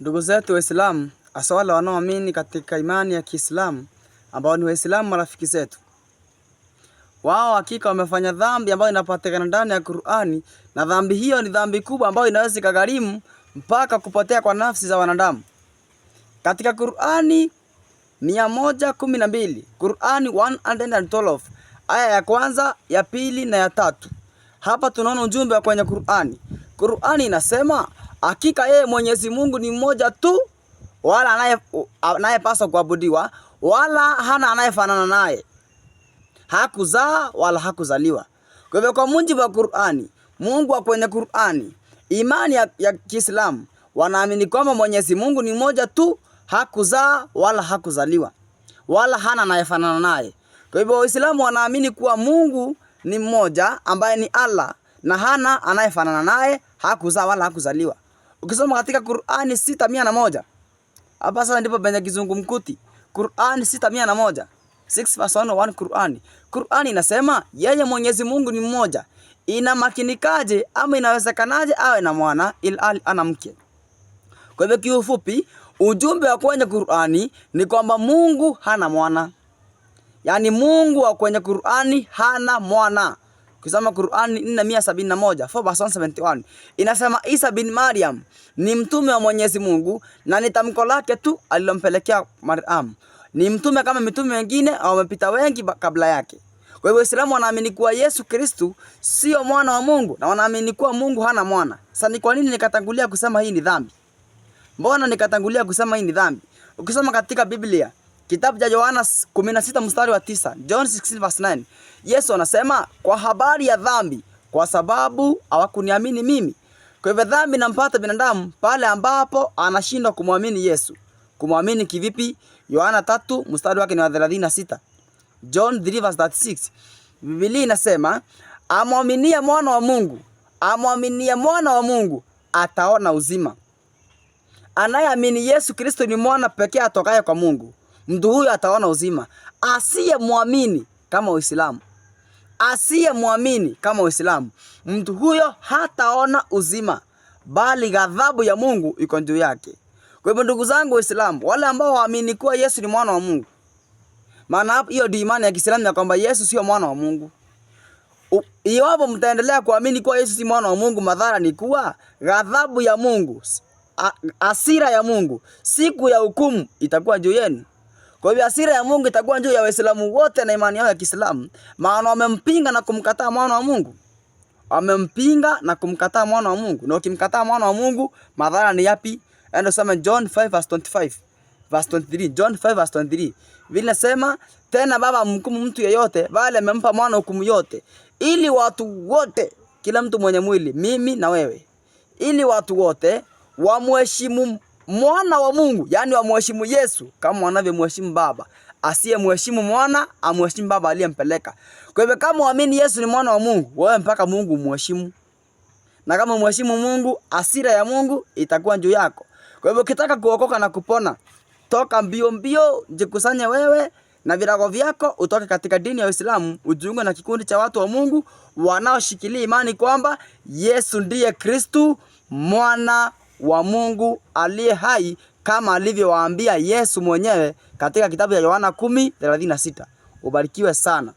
Ndugu zetu Waislamu, hasa wale wanaoamini katika imani ya Kiislamu ambao ni Waislamu marafiki zetu, wao hakika wamefanya dhambi ambayo inapatikana ndani ya Qur'ani, na dhambi hiyo ni dhambi kubwa ambayo inaweza ikagharimu mpaka kupotea kwa nafsi za wanadamu. Katika Qur'ani 112, Qur'ani 112 aya ya kwanza, ya pili na ya tatu. Hapa tunaona ujumbe wa kwenye Qur'ani. Qur'ani inasema Hakika yeye Mwenyezi Mungu ni mmoja tu, wala anayepaswa kuabudiwa, wala hana anayefanana naye, hakuzaa wala hakuzaliwa. Kwa hivyo, kwa mujibu wa Qur'ani, Mungu wa kwenye Qur'ani, imani ya, ya Kiislamu wanaamini kwamba Mwenyezi Mungu ni mmoja tu, hakuzaa wala hakuzaliwa, wala hana anayefanana naye. Kwa hivyo, Waislamu wanaamini kuwa Mungu ni mmoja ambaye ni Allah na hana anayefanana naye, hakuzaa wala hakuzaliwa. Ukisoma katika Qur'ani sita mia na moja. Hapa sasa ndipo penye kizungumkuti. Qur'ani sita mia na moja. Oh one Qur'ani. Qur'ani inasema yeye Mwenyezi Mungu ni mmoja. ina makinikaje ama inawezekanaje awe na mwana ilhali ana mke? Kwa hivyo kiufupi, ujumbe wa kwenye Qur'ani ni kwamba Mungu hana mwana. Yaani Mungu wa kwenye Qur'ani hana mwana. Ukisoma Qur'ani 4:171, 4:171 inasema Isa bin Maryam ni mtume wa Mwenyezi Mungu na ni tamko lake tu alilompelekea Maryam. Ni mtume kama mitume wengine au wamepita wengi kabla yake. Kwa hivyo Waislamu wanaamini kuwa Yesu Kristu sio mwana wa Mungu na wanaamini kuwa Mungu hana mwana. Sasa ni kwa nini nikatangulia kusema hii ni dhambi? Mbona nikatangulia kusema hii ni dhambi? Ukisoma katika Biblia Kitabu cha Yohana 16 mstari wa 9, John 16 verse 9. Yesu anasema kwa habari ya dhambi, kwa sababu hawakuniamini mimi. Kwa hivyo dhambi inampata binadamu pale ambapo anashindwa kumwamini Yesu. Kumwamini kivipi? Yohana 3 mstari wake ni wa 36. John 3 verse 36. Biblia inasema amwaminia mwana wa Mungu, amwaminia mwana wa Mungu ataona uzima. Anayeamini Yesu Kristo ni mwana pekee atokaye kwa Mungu mtu huyu ataona uzima. Asiye Asiyemwamini kama Uislamu, asiye asiyemwamini kama Uislamu, mtu huyo hataona uzima, bali ghadhabu ya Mungu iko juu yake. Kwa hivyo ndugu zangu Waislamu, wale ambao waamini kuwa Yesu ni mwana wa Mungu, maana hiyo ndio imani ya Kiislamu ya kwamba Yesu sio mwana wa Mungu. Iwapo mtaendelea kuamini kuwa Yesu si mwana wa Mungu, madhara ni kuwa ghadhabu ya Mungu, asira ya Mungu, siku ya hukumu itakuwa juu yenu. Kwa hivyo hasira ya Mungu itakuwa juu ya Waislamu wote na imani yao ya Kiislamu, maana wamempinga na kumkataa mwana wa Mungu. Wamempinga na kumkataa mwana wa Mungu. Na ukimkataa mwana wa Mungu, madhara ni yapi? Ndio yaani sema John 5 Verse 25 verse 23. John 5 verse 23. Vile nasema tena, Baba mkumu mtu yeyote, bali amempa mwana hukumu yote, ili watu wote, kila mtu mwenye mwili, mimi na wewe, ili watu wote wamheshimu mwana wa Mungu, yaani wamheshimu Yesu kama wanavyomheshimu Baba. Asiyemheshimu mwana amheshimu Baba aliyempeleka. Kwa hivyo kama waamini Yesu ni mwana wa Mungu, wewe mpaka Mungu umheshimu, na kama umheshimu Mungu, asira ya Mungu itakuwa juu yako. Kwa hivyo ukitaka kuokoka na kupona, toka mbio mbio, jikusanye wewe na virago vyako utoke katika dini ya Uislamu ujiunge na kikundi cha watu wa Mungu wanaoshikilia imani kwamba Yesu ndiye Kristu mwana wa Mungu aliye hai kama alivyowaambia Yesu mwenyewe katika kitabu cha Yohana 10:36. Ubarikiwe sana.